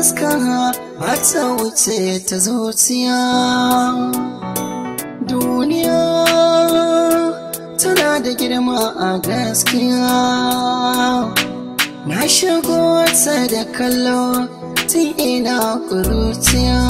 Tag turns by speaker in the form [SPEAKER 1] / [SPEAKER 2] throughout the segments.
[SPEAKER 1] fuska ba ta wuce ta zuciya duniya tana da girma a gaskiya na shigo ta da kallo tun ina kuruciya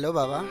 [SPEAKER 1] Baba?